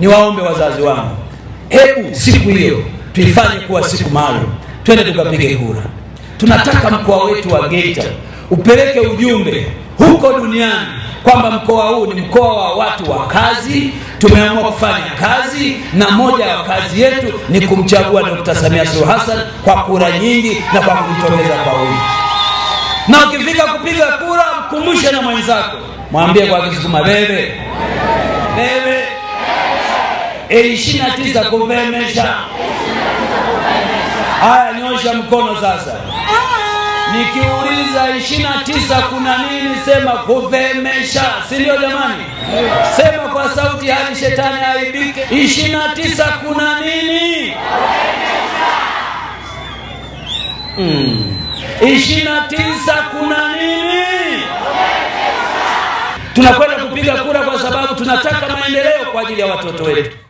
niwaombe wazazi wangu, hebu siku hiyo tuifanye kuwa siku maalum, twende tukapige kura. Tunataka mkoa wetu wa Geita upeleke ujumbe huko duniani kwamba mkoa huu ni mkoa wa watu wa kazi. Tumeamua kufanya kazi na moja ya kazi yetu ni kumchagua Dkt. Samia Suluhu Hassan kwa kura nyingi na kwa kujitokeza kwa wingi. Na ukifika kupiga kura, mkumbushe na mwenzako, mwambie kwa Kisukuma bebe 29 eh, kuvemesha. Haya, nyosha mkono sasa. Nikiuliza 29 kuna nini? Sema kuvemesha, si ndio jamani? Sema kwa sauti hadi shetani aibike. 29 kuna nini? Mm. tisa kuna nini? Tunakwenda kupiga kura kwa sababu tunataka maendeleo kwa ajili ya watoto wetu.